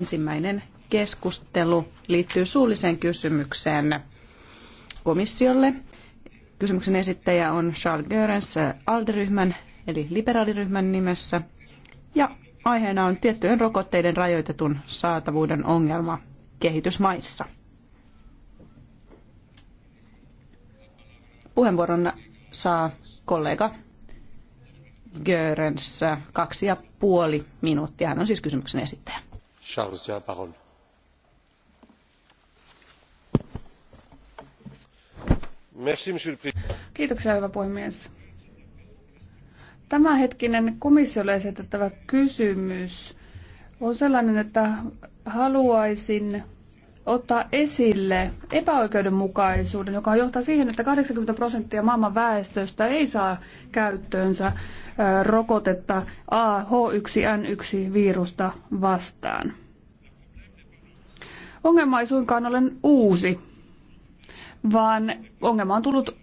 Ensimmäinen keskustelu liittyy suulliseen kysymykseen komissiolle. Kysymyksen esittäjä on Charles Görens Alderyhmän eli liberaaliryhmän nimessä ja aiheena on tiettyjen rokotteiden rajoitetun saatavuuden ongelma kehitysmaissa. Puheenvuoron saa kollega Görens kaksi ja puoli minuuttia. Hän on siis kysymyksen esittäjä monsieur le président. Kiitoksia, hyvä puhemies. Tämänhetkinen komissiolle esitettävä kysymys on sellainen, että haluaisin ottaa esille epäoikeudenmukaisuuden, joka johtaa siihen, että 80 prosenttia maailman väestöstä ei saa käyttöönsä rokotetta AH1N1-virusta vastaan. Ongelma ei suinkaan ole uusi, vaan ongelma on tullut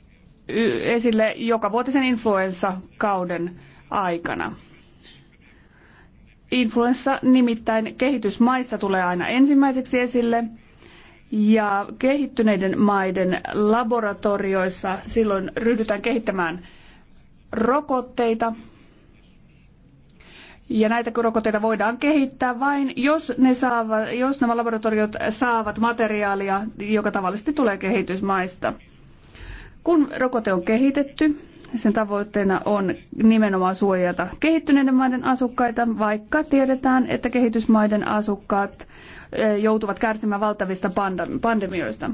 esille joka vuotisen influenssakauden aikana. Influenssa nimittäin kehitysmaissa tulee aina ensimmäiseksi esille – ja kehittyneiden maiden laboratorioissa silloin ryhdytään kehittämään rokotteita. Ja näitä rokotteita voidaan kehittää vain, jos, ne saavat, jos nämä laboratoriot saavat materiaalia, joka tavallisesti tulee kehitysmaista. Kun rokote on kehitetty, sen tavoitteena on nimenomaan suojata kehittyneiden maiden asukkaita, vaikka tiedetään, että kehitysmaiden asukkaat joutuvat kärsimään valtavista pandemioista.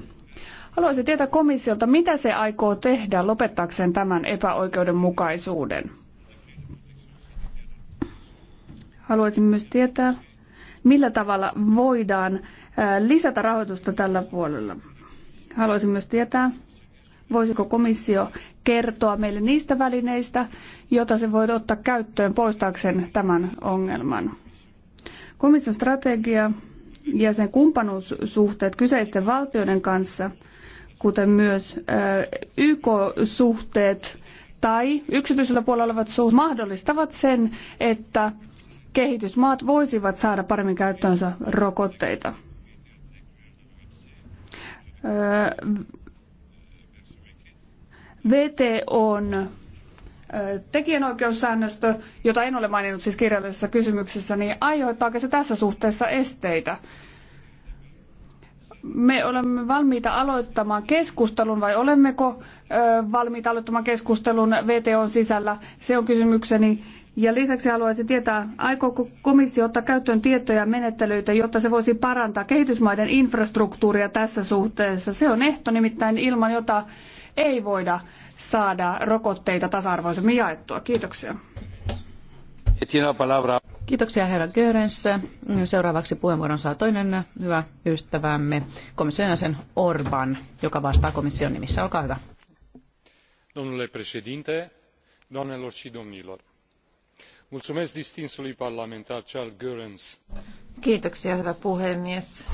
Haluaisin tietää komissiolta, mitä se aikoo tehdä lopettaakseen tämän epäoikeudenmukaisuuden. Haluaisin myös tietää, millä tavalla voidaan lisätä rahoitusta tällä puolella. Haluaisin myös tietää, Voisiko komissio kertoa meille niistä välineistä, joita se voi ottaa käyttöön poistaakseen tämän ongelman? Komission strategia ja sen kumppanuussuhteet kyseisten valtioiden kanssa, kuten myös YK-suhteet tai yksityisellä puolella olevat suhteet, mahdollistavat sen, että kehitysmaat voisivat saada paremmin käyttöönsä rokotteita on tekijänoikeussäännöstö, jota en ole maininnut siis kirjallisessa kysymyksessä, niin aiheuttaako se tässä suhteessa esteitä? Me olemme valmiita aloittamaan keskustelun vai olemmeko valmiita aloittamaan keskustelun VTOn sisällä? Se on kysymykseni. Ja lisäksi haluaisin tietää, aikooko komissio ottaa käyttöön tietoja ja menettelyitä, jotta se voisi parantaa kehitysmaiden infrastruktuuria tässä suhteessa. Se on ehto nimittäin ilman, jota ei voida saada rokotteita tasa-arvoisemmin jaettua. Kiitoksia. Kiitoksia herra Görens. Seuraavaksi puheenvuoron saa toinen hyvä ystävämme, komission jäsen Orban, joka vastaa komission nimissä. Olkaa hyvä. Domnule președinte, doamnelor și domnilor. Mulțumesc distinsului parlamentar Charles Görens. Kiitoksia, hyvä puhemies.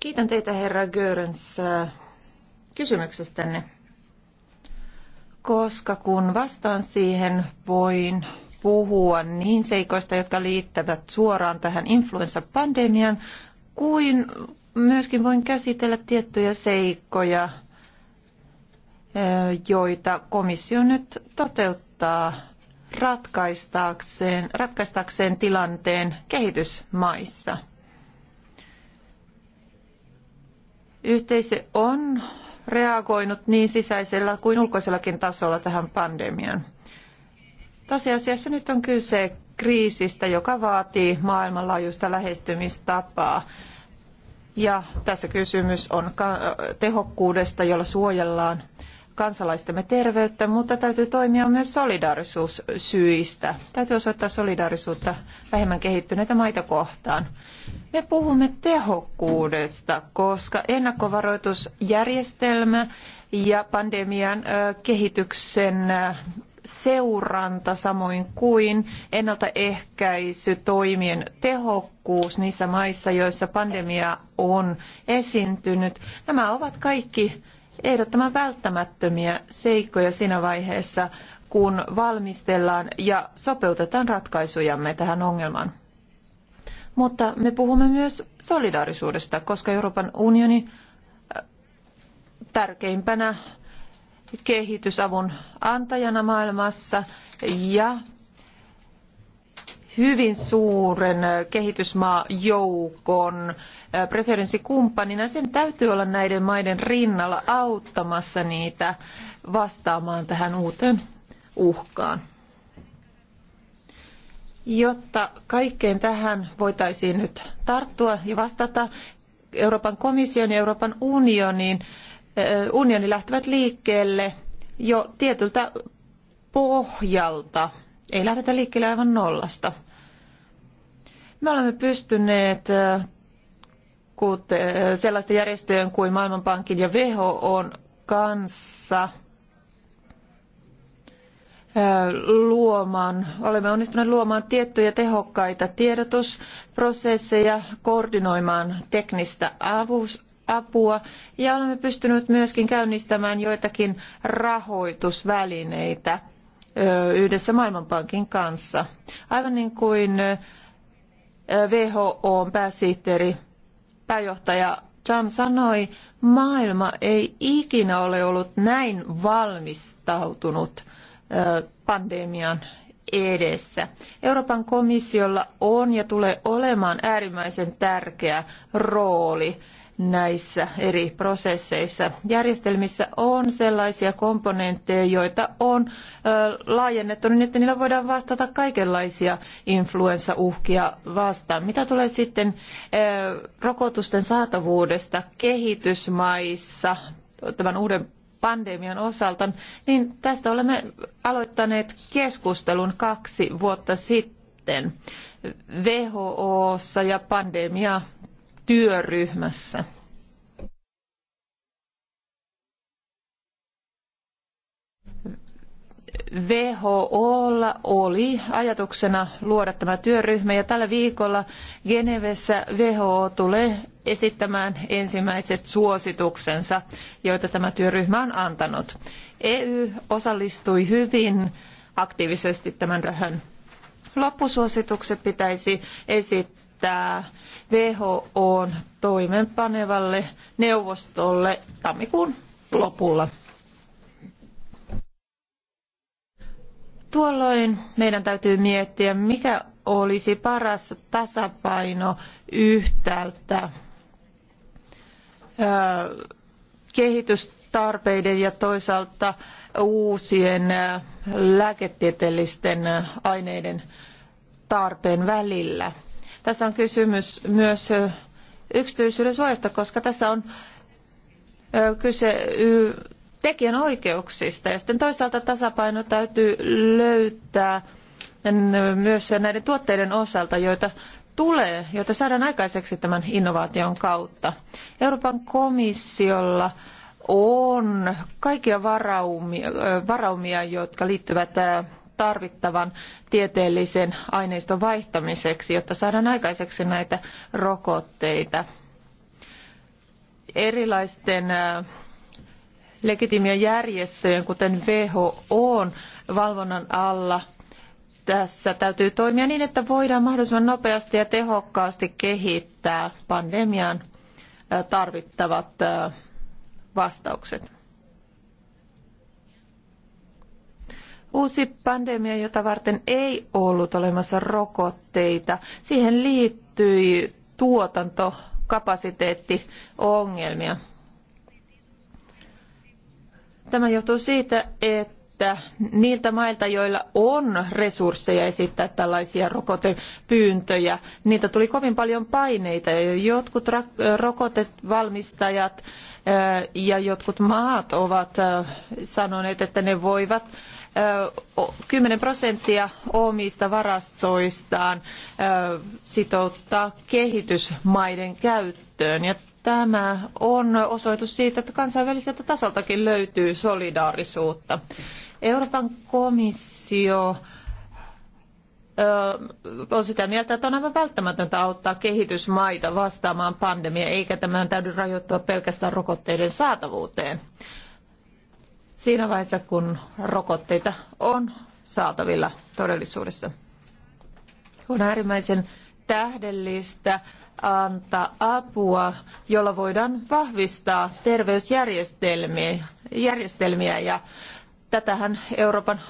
Kiitän teitä, herra Görens, kysymyksestänne, koska kun vastaan siihen, voin puhua niin seikoista, jotka liittävät suoraan tähän influenssapandemian, kuin myöskin voin käsitellä tiettyjä seikkoja, joita komissio nyt toteuttaa ratkaistaakseen ratkaistaakseen tilanteen kehitysmaissa. Yhteisö on reagoinut niin sisäisellä kuin ulkoisellakin tasolla tähän pandemiaan. Tosiasiassa nyt on kyse kriisistä, joka vaatii maailmanlaajuista lähestymistapaa. Ja tässä kysymys on tehokkuudesta, jolla suojellaan kansalaistemme terveyttä, mutta täytyy toimia myös solidaarisuussyistä. Täytyy osoittaa solidaarisuutta vähemmän kehittyneitä maita kohtaan. Me puhumme tehokkuudesta, koska ennakkovaroitusjärjestelmä ja pandemian kehityksen seuranta samoin kuin ennaltaehkäisytoimien tehokkuus niissä maissa, joissa pandemia on esiintynyt. Nämä ovat kaikki ehdottoman välttämättömiä seikkoja siinä vaiheessa, kun valmistellaan ja sopeutetaan ratkaisujamme tähän ongelmaan. Mutta me puhumme myös solidaarisuudesta, koska Euroopan unioni äh, tärkeimpänä kehitysavun antajana maailmassa ja hyvin suuren kehitysmaajoukon Äh, preferenssikumppanina, sen täytyy olla näiden maiden rinnalla auttamassa niitä vastaamaan tähän uuteen uhkaan. Jotta kaikkeen tähän voitaisiin nyt tarttua ja vastata, Euroopan komission ja Euroopan unionin, äh, unioni lähtevät liikkeelle jo tietyltä pohjalta. Ei lähdetä liikkeelle aivan nollasta. Me olemme pystyneet äh, Eh, sellaisten järjestöjen kuin Maailmanpankin ja WHOn kanssa eh, luomaan, olemme onnistuneet luomaan tiettyjä tehokkaita tiedotusprosesseja, koordinoimaan teknistä apua ja olemme pystyneet myöskin käynnistämään joitakin rahoitusvälineitä eh, yhdessä Maailmanpankin kanssa. Aivan niin kuin WHOn pääsihteeri pääjohtaja Chan sanoi, maailma ei ikinä ole ollut näin valmistautunut pandemian edessä. Euroopan komissiolla on ja tulee olemaan äärimmäisen tärkeä rooli näissä eri prosesseissa. Järjestelmissä on sellaisia komponentteja, joita on laajennettu niin, että niillä voidaan vastata kaikenlaisia influenssauhkia vastaan. Mitä tulee sitten rokotusten saatavuudesta kehitysmaissa tämän uuden pandemian osalta, niin tästä olemme aloittaneet keskustelun kaksi vuotta sitten. WHOssa ja pandemia työryhmässä. WHO oli ajatuksena luoda tämä työryhmä ja tällä viikolla Genevessä WHO tulee esittämään ensimmäiset suosituksensa, joita tämä työryhmä on antanut. EU osallistui hyvin aktiivisesti tämän rahan. Loppusuositukset pitäisi esittää lähettää WHOn toimenpanevalle neuvostolle tammikuun lopulla. Tuolloin meidän täytyy miettiä, mikä olisi paras tasapaino yhtäältä kehitystarpeiden ja toisaalta uusien lääketieteellisten aineiden tarpeen välillä. Tässä on kysymys myös yksityisyyden suojasta, koska tässä on kyse tekijänoikeuksista. Ja sitten toisaalta tasapaino täytyy löytää myös näiden tuotteiden osalta, joita tulee, joita saadaan aikaiseksi tämän innovaation kautta. Euroopan komissiolla on kaikkia varaumia, varaumia jotka liittyvät tarvittavan tieteellisen aineiston vaihtamiseksi, jotta saadaan aikaiseksi näitä rokotteita. Erilaisten äh, legitimien järjestöjen, kuten WHO, valvonnan alla tässä täytyy toimia niin, että voidaan mahdollisimman nopeasti ja tehokkaasti kehittää pandemian äh, tarvittavat äh, vastaukset. uusi pandemia, jota varten ei ollut olemassa rokotteita. Siihen liittyi tuotantokapasiteettiongelmia. Tämä johtuu siitä, että niiltä mailta, joilla on resursseja esittää tällaisia rokotepyyntöjä, niiltä tuli kovin paljon paineita. Jotkut rokotevalmistajat ja jotkut maat ovat sanoneet, että ne voivat 10 prosenttia omista varastoistaan sitouttaa kehitysmaiden käyttöön. Ja tämä on osoitus siitä, että kansainväliseltä tasoltakin löytyy solidaarisuutta. Euroopan komissio on sitä mieltä, että on aivan välttämätöntä auttaa kehitysmaita vastaamaan pandemiaan, eikä tämän täydy rajoittua pelkästään rokotteiden saatavuuteen siinä vaiheessa, kun rokotteita on saatavilla todellisuudessa. On äärimmäisen tähdellistä antaa apua, jolla voidaan vahvistaa terveysjärjestelmiä järjestelmiä, ja tätähän Euroopan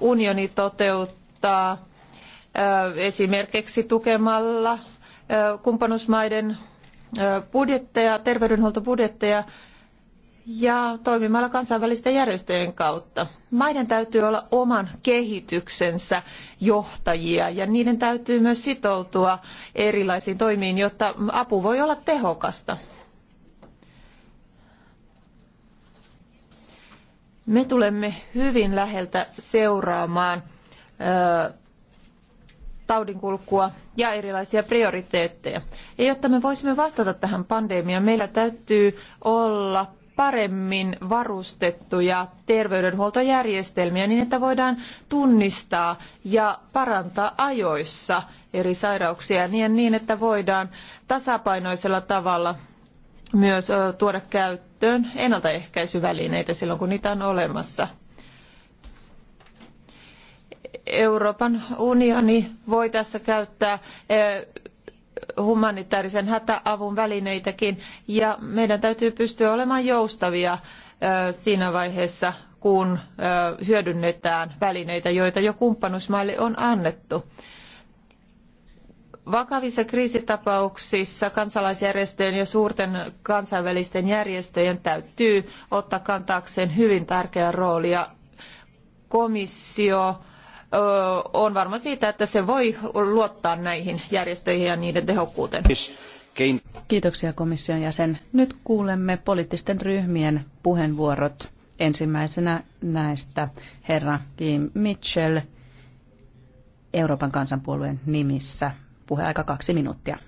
unioni toteuttaa esimerkiksi tukemalla kumppanuusmaiden budjetteja, terveydenhuoltobudjetteja ja toimimalla kansainvälisten järjestöjen kautta. Maiden täytyy olla oman kehityksensä johtajia ja niiden täytyy myös sitoutua erilaisiin toimiin, jotta apu voi olla tehokasta. Me tulemme hyvin läheltä seuraamaan ö, taudinkulkua ja erilaisia prioriteetteja. Ja jotta me voisimme vastata tähän pandemiaan, meillä täytyy olla paremmin varustettuja terveydenhuoltojärjestelmiä niin, että voidaan tunnistaa ja parantaa ajoissa eri sairauksia niin, niin että voidaan tasapainoisella tavalla myös tuoda käyttöön ennaltaehkäisyvälineitä silloin, kun niitä on olemassa. Euroopan unioni voi tässä käyttää humanitaarisen hätäavun välineitäkin ja meidän täytyy pystyä olemaan joustavia siinä vaiheessa, kun hyödynnetään välineitä, joita jo kumppanuusmaille on annettu. Vakavissa kriisitapauksissa kansalaisjärjestöjen ja suurten kansainvälisten järjestöjen täytyy ottaa kantaakseen hyvin tärkeä rooli ja komissio on varma siitä, että se voi luottaa näihin järjestöihin ja niiden tehokkuuteen. Kiitoksia komission jäsen. Nyt kuulemme poliittisten ryhmien puheenvuorot. Ensimmäisenä näistä herra Kim Mitchell Euroopan kansanpuolueen nimissä. Puheaika kaksi minuuttia.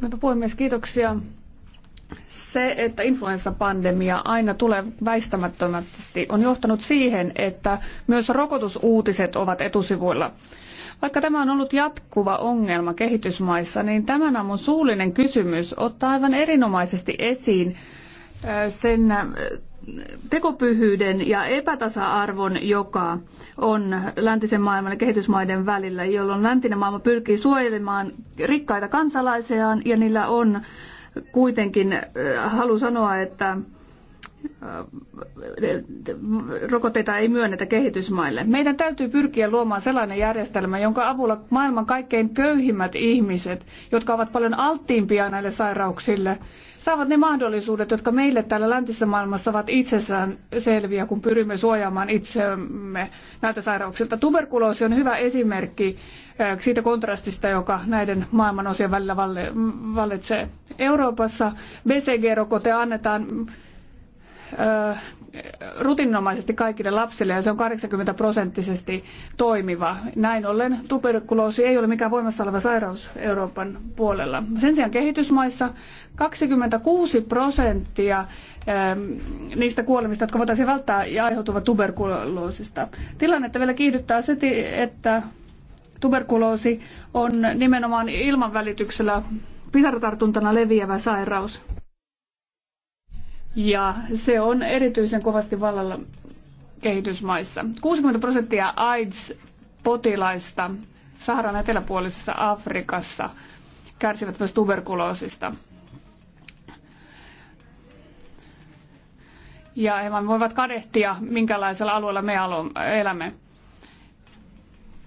Hyvä puhemies, kiitoksia se, että influenssapandemia aina tulee väistämättömästi, on johtanut siihen, että myös rokotusuutiset ovat etusivuilla. Vaikka tämä on ollut jatkuva ongelma kehitysmaissa, niin tämän aamun suullinen kysymys ottaa aivan erinomaisesti esiin sen tekopyhyyden ja epätasa-arvon, joka on läntisen maailman ja kehitysmaiden välillä, jolloin läntinen maailma pyrkii suojelemaan rikkaita kansalaisiaan ja niillä on kuitenkin äh, haluan sanoa, että äh, rokotteita ei myönnetä kehitysmaille. Meidän täytyy pyrkiä luomaan sellainen järjestelmä, jonka avulla maailman kaikkein köyhimmät ihmiset, jotka ovat paljon alttiimpia näille sairauksille, saavat ne mahdollisuudet, jotka meille täällä läntisessä maailmassa ovat itsessään selviä, kun pyrimme suojaamaan itsemme näiltä sairauksilta. Tuberkuloosi on hyvä esimerkki siitä kontrastista, joka näiden maailman osien välillä vallitsee. Euroopassa BCG-rokote annetaan rutinomaisesti kaikille lapsille ja se on 80 prosenttisesti toimiva. Näin ollen tuberkuloosi ei ole mikään voimassa oleva sairaus Euroopan puolella. Sen sijaan kehitysmaissa 26 prosenttia niistä kuolemista, jotka voitaisiin välttää ja aiheutuvat tuberkuloosista. Tilannetta vielä kiihdyttää se, että Tuberkuloosi on nimenomaan ilmanvälityksellä pisaratartuntana leviävä sairaus. Ja se on erityisen kovasti vallalla kehitysmaissa. 60 prosenttia AIDS-potilaista Saharan eteläpuolisessa Afrikassa kärsivät myös tuberkuloosista. Ja he voivat kadehtia, minkälaisella alueella me elämme.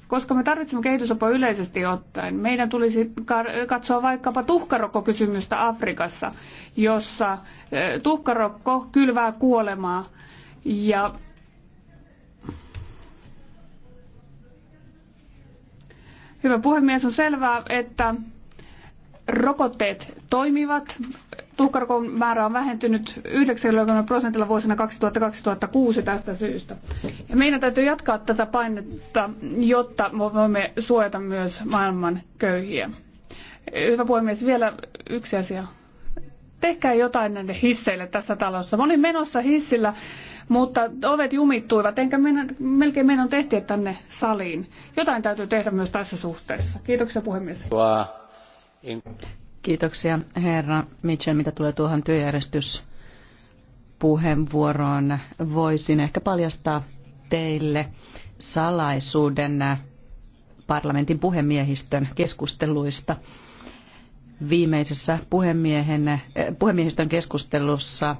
Koska me tarvitsemme kehitysapua yleisesti ottaen, meidän tulisi katsoa vaikkapa tuhkarokkokysymystä Afrikassa, jossa eh, tuhkarokko kylvää kuolemaa ja Hyvä puhemies, on selvää, että rokotteet toimivat tuhkarokon määrä on vähentynyt 90 prosentilla vuosina 2000-2006 tästä syystä. Ja meidän täytyy jatkaa tätä painetta, jotta voimme suojata myös maailman köyhiä. Hyvä puhemies, vielä yksi asia. Tehkää jotain näille hisseille tässä talossa. Mä olin menossa hissillä, mutta ovet jumittuivat, enkä mennä, melkein meidän tehtiin tänne saliin. Jotain täytyy tehdä myös tässä suhteessa. Kiitoksia puhemies. Kiitoksia herra Mitchell, mitä tulee tuohon työjärjestyspuheenvuoroon. Voisin ehkä paljastaa teille salaisuuden parlamentin puhemiehistön keskusteluista. Viimeisessä puhemiehen, eh, puhemiehistön keskustelussa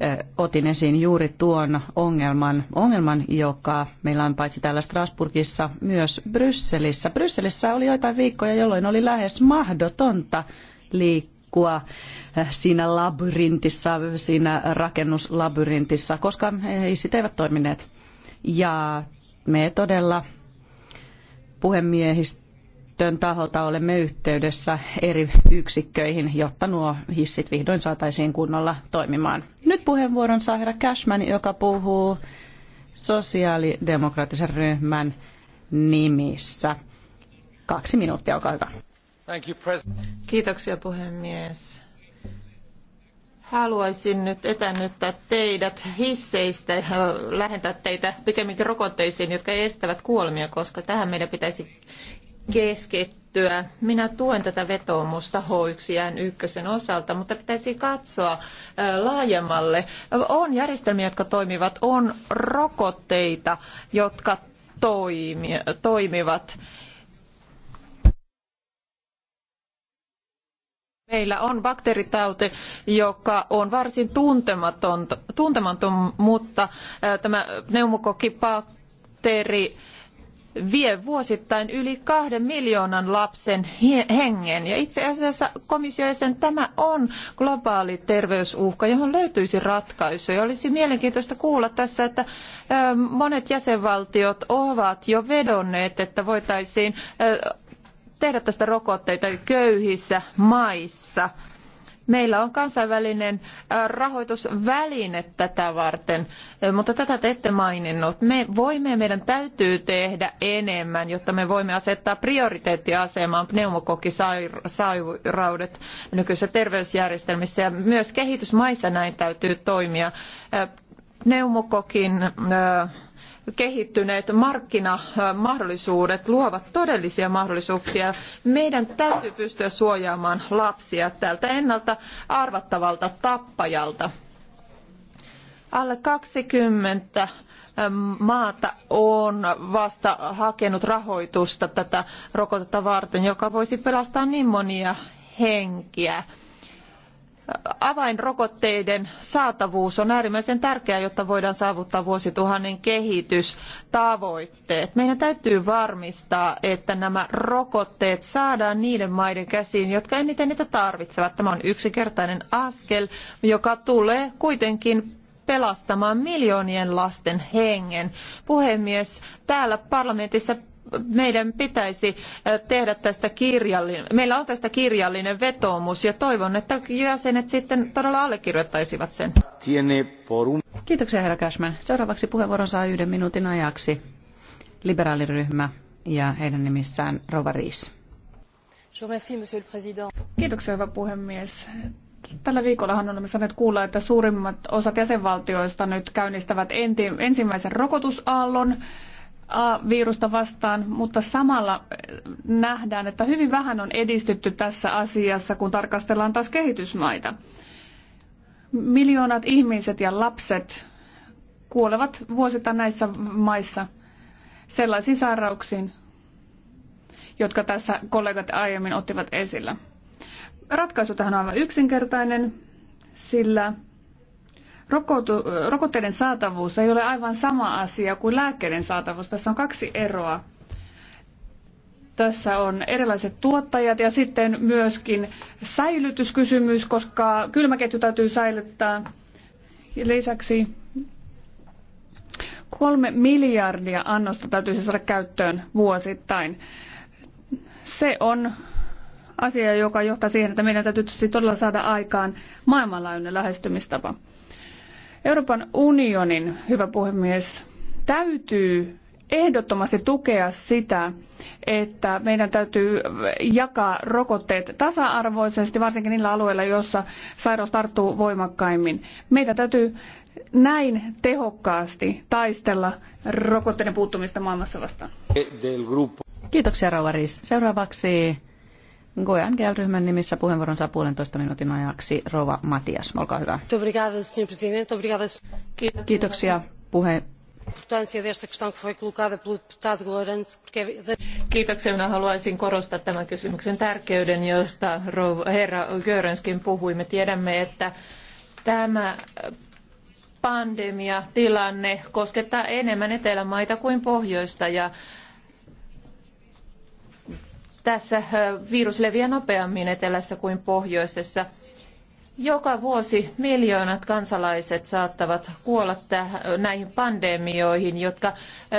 eh, otin esiin juuri tuon ongelman, ongelman, joka meillä on paitsi täällä Strasburgissa, myös Brysselissä. Brysselissä oli joitain viikkoja, jolloin oli lähes mahdotonta liikkua siinä labyrintissä, siinä rakennuslabyrintissä, koska hissit eivät toimineet. Ja me todella puhemiehistön taholta olemme yhteydessä eri yksikköihin, jotta nuo hissit vihdoin saataisiin kunnolla toimimaan. Nyt puheenvuoron saa herra Cashman, joka puhuu sosiaalidemokraattisen ryhmän nimissä. Kaksi minuuttia, olkaa hyvä. Kiitoksia puhemies. Haluaisin nyt etännyttää teidät hisseistä ja lähentää teitä pikemminkin rokotteisiin, jotka estävät kuolemia, koska tähän meidän pitäisi keskittyä. Minä tuen tätä vetoomusta H1N1 osalta, mutta pitäisi katsoa laajemmalle. On järjestelmiä, jotka toimivat, on rokotteita, jotka toimivat. Meillä on bakteeritauti, joka on varsin tuntematon, tuntematon mutta tämä pneumokokkibakteeri vie vuosittain yli kahden miljoonan lapsen hengen. Ja itse asiassa komissio jäsen, tämä on globaali terveysuhka, johon löytyisi ratkaisuja. Olisi mielenkiintoista kuulla tässä, että monet jäsenvaltiot ovat jo vedonneet, että voitaisiin tehdä tästä rokotteita köyhissä maissa. Meillä on kansainvälinen rahoitusväline tätä varten, mutta tätä te ette maininnut. Me voimme ja meidän täytyy tehdä enemmän, jotta me voimme asettaa prioriteettiasemaan pneumokokkisairaudet nykyisissä terveysjärjestelmissä ja myös kehitysmaissa näin täytyy toimia. Pneumokokin äh, kehittyneet markkinamahdollisuudet luovat todellisia mahdollisuuksia. Meidän täytyy pystyä suojaamaan lapsia tältä ennalta arvattavalta tappajalta. Alle 20 maata on vasta hakenut rahoitusta tätä rokotetta varten, joka voisi pelastaa niin monia henkiä avainrokotteiden saatavuus on äärimmäisen tärkeää, jotta voidaan saavuttaa vuosituhannen kehitystavoitteet. Meidän täytyy varmistaa, että nämä rokotteet saadaan niiden maiden käsiin, jotka eniten niitä tarvitsevat. Tämä on yksinkertainen askel, joka tulee kuitenkin pelastamaan miljoonien lasten hengen. Puhemies, täällä parlamentissa meidän pitäisi eh, tehdä tästä kirjallinen, meillä on tästä kirjallinen vetoomus ja toivon, että jäsenet sitten todella allekirjoittaisivat sen. Kiitoksia herra Cashman. Seuraavaksi puheenvuoron saa yhden minuutin ajaksi liberaaliryhmä ja heidän nimissään Rova Riis. Kiitoksia hyvä puhemies. Tällä viikollahan olemme saaneet kuulla, että suurimmat osat jäsenvaltioista nyt käynnistävät ensimmäisen rokotusaallon A-virusta vastaan, mutta samalla eh, nähdään, että hyvin vähän on edistytty tässä asiassa, kun tarkastellaan taas kehitysmaita. Miljoonat ihmiset ja lapset kuolevat vuosittain näissä maissa sellaisiin sairauksiin, jotka tässä kollegat aiemmin ottivat esillä. Ratkaisu tähän on aivan yksinkertainen, sillä rokotu, rokotteiden saatavuus ei ole aivan sama asia kuin lääkkeiden saatavuus. Tässä on kaksi eroa. Tässä on erilaiset tuottajat ja sitten myöskin säilytyskysymys, koska kylmäketju täytyy säilyttää. Lisäksi kolme miljardia annosta täytyy saada käyttöön vuosittain. Se on asia, joka johtaa siihen, että meidän täytyy todella saada aikaan maailmanlaajuinen lähestymistapa. Euroopan unionin, hyvä puhemies, täytyy ehdottomasti tukea sitä, että meidän täytyy jakaa rokotteet tasa-arvoisesti, varsinkin niillä alueilla, joissa sairaus tarttuu voimakkaimmin. Meidän täytyy näin tehokkaasti taistella rokotteiden puuttumista maailmassa vastaan. Kiitoksia, Rauva Seuraavaksi Gojan ryhmän nimissä puheenvuoron saa puolentoista minuutin ajaksi Rova Matias. Olkaa hyvä. Kiitoksia puhe... Kiitoksia. Minä haluaisin korostaa tämän kysymyksen tärkeyden, josta herra Görenskin puhui. Me tiedämme, että tämä pandemia tilanne koskettaa enemmän etelämaita kuin pohjoista ja tässä virus leviää nopeammin etelässä kuin pohjoisessa. Joka vuosi miljoonat kansalaiset saattavat kuolla näihin pandemioihin, jotka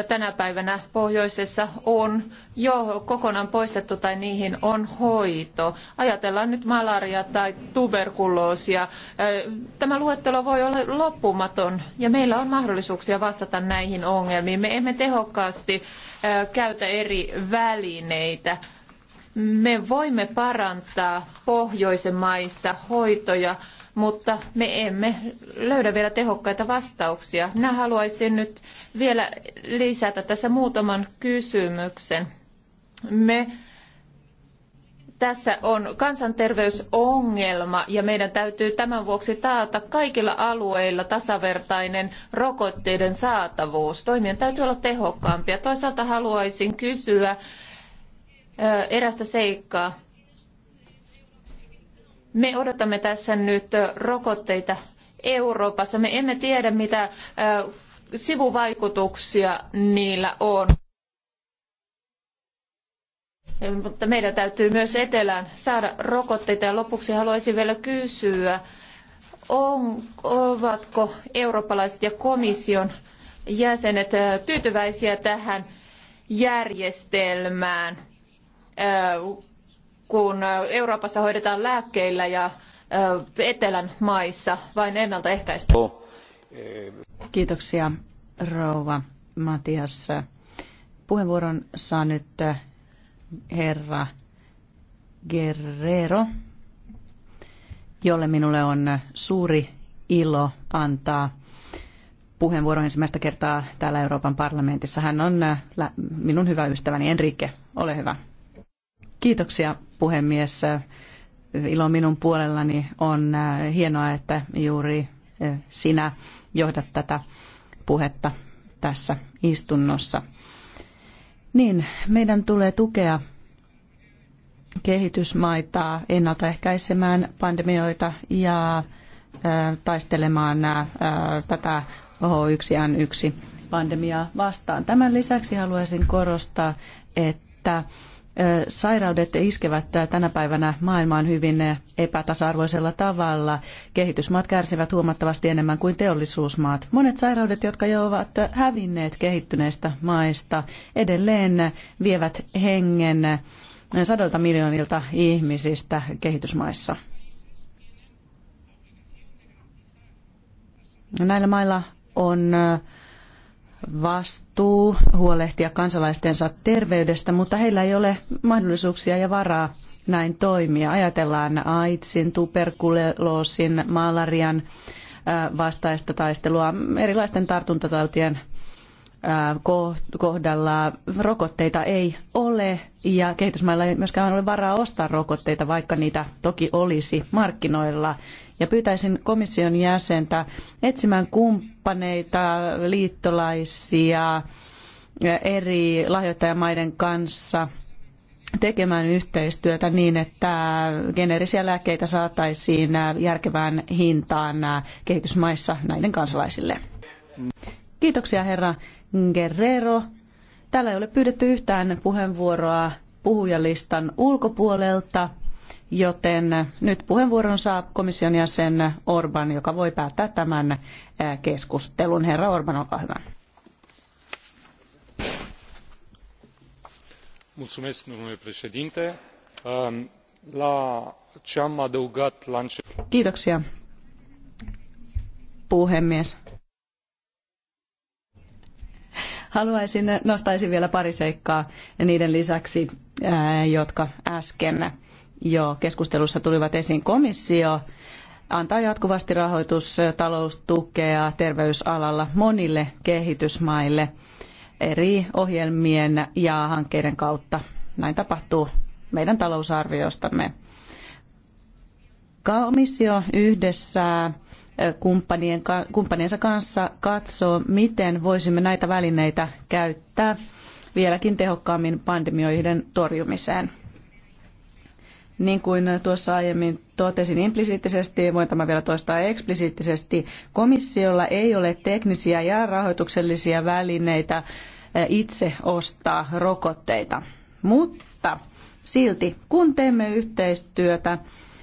tänä päivänä pohjoisessa on jo kokonaan poistettu tai niihin on hoito. Ajatellaan nyt malaria tai tuberkuloosia. Tämä luettelo voi olla loppumaton ja meillä on mahdollisuuksia vastata näihin ongelmiin. Me emme tehokkaasti käytä eri välineitä me voimme parantaa pohjoisen maissa hoitoja, mutta me emme löydä vielä tehokkaita vastauksia. Nä haluaisin nyt vielä lisätä tässä muutaman kysymyksen. Me tässä on kansanterveysongelma ja meidän täytyy tämän vuoksi taata kaikilla alueilla tasavertainen rokotteiden saatavuus. Toimien täytyy olla tehokkaampia. Toisaalta haluaisin kysyä, erästä seikkaa. Me odotamme tässä nyt rokotteita Euroopassa. Me emme tiedä, mitä sivuvaikutuksia niillä on. Mutta meidän täytyy myös etelään saada rokotteita. Ja lopuksi haluaisin vielä kysyä, on, ovatko eurooppalaiset ja komission jäsenet tyytyväisiä tähän järjestelmään? kun Euroopassa hoidetaan lääkkeillä ja etelän maissa vain ennaltaehkäistä. Kiitoksia rouva Matias. Puheenvuoron saa nyt herra Guerrero, jolle minulle on suuri ilo antaa puheenvuoro ensimmäistä kertaa täällä Euroopan parlamentissa. Hän on minun hyvä ystäväni Enrique. Ole hyvä. Kiitoksia puhemies. Ilo minun puolellani on äh, hienoa, että juuri äh, sinä johdat tätä puhetta tässä istunnossa. Niin, meidän tulee tukea kehitysmaita ennaltaehkäisemään pandemioita ja äh, taistelemaan nämä, tätä H1N1 pandemiaa vastaan. Tämän lisäksi haluaisin korostaa, että sairaudet iskevät tänä päivänä maailmaan hyvin epätasa-arvoisella tavalla. Kehitysmaat kärsivät huomattavasti enemmän kuin teollisuusmaat. Monet sairaudet, jotka jo ovat hävinneet kehittyneistä maista, edelleen vievät hengen sadoilta miljoonilta ihmisistä kehitysmaissa. Näillä mailla on vastuu huolehtia kansalaistensa terveydestä, mutta heillä ei ole mahdollisuuksia ja varaa näin toimia. Ajatellaan AIDSin, tuberkuloosin, malarian äh, vastaista taistelua, erilaisten tartuntatautien äh, kohdalla. Rokotteita ei ole, ja kehitysmailla ei myöskään ole varaa ostaa rokotteita, vaikka niitä toki olisi markkinoilla. Ja pyytäisin komission jäsentä etsimään kumppaneita, liittolaisia eri lahjoittajamaiden kanssa tekemään yhteistyötä niin, että geneerisiä lääkkeitä saataisiin järkevään hintaan kehitysmaissa näiden kansalaisille. Kiitoksia herra Guerrero. Täällä ei ole pyydetty yhtään puheenvuoroa puhujalistan ulkopuolelta, joten nyt puheenvuoron saa komission jäsen Orban, joka voi päättää tämän keskustelun. Herra Orban, olkaa hyvä. la ce am adăugat la Kiitoksia, puhemies. Haluaisin, nostaisin vielä pari seikkaa niiden lisäksi, jotka äsken jo keskustelussa tulivat esiin. Komissio antaa jatkuvasti rahoitus taloustukea terveysalalla monille kehitysmaille eri ohjelmien ja hankkeiden kautta. Näin tapahtuu meidän talousarviostamme. Komissio yhdessä kumppanien, kumppaniensa kanssa katsoo, miten voisimme näitä välineitä käyttää vieläkin tehokkaammin pandemioiden torjumiseen. Niin kuin tuossa aiemmin totesin implisiittisesti, voin tämä vielä toistaa eksplisiittisesti, komissiolla ei ole teknisiä ja rahoituksellisia välineitä eh, itse ostaa rokotteita. Mutta silti, kun teemme yhteistyötä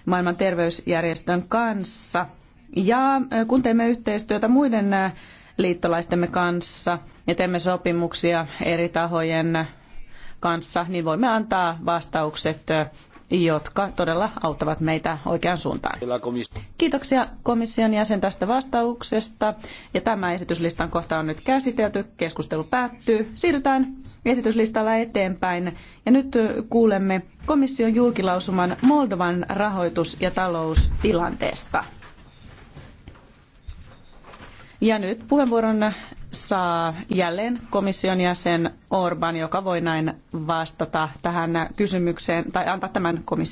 maailman terveysjärjestön kanssa – ja kun teemme yhteistyötä muiden liittolaistemme kanssa ja teemme sopimuksia eri tahojen kanssa, niin voimme antaa vastaukset, jotka todella auttavat meitä oikeaan suuntaan. Kiitoksia komission jäsen tästä vastauksesta. Ja tämä esityslistan kohta on nyt käsitelty. Keskustelu päättyy. Siirrytään esityslistalla eteenpäin. Ja nyt kuulemme komission julkilausuman Moldovan rahoitus- ja taloustilanteesta. Ja nyt puheenvuoron saa jälleen komission jäsen Orban, joka voi näin vastata tähän kysymykseen tai antaa tämän komission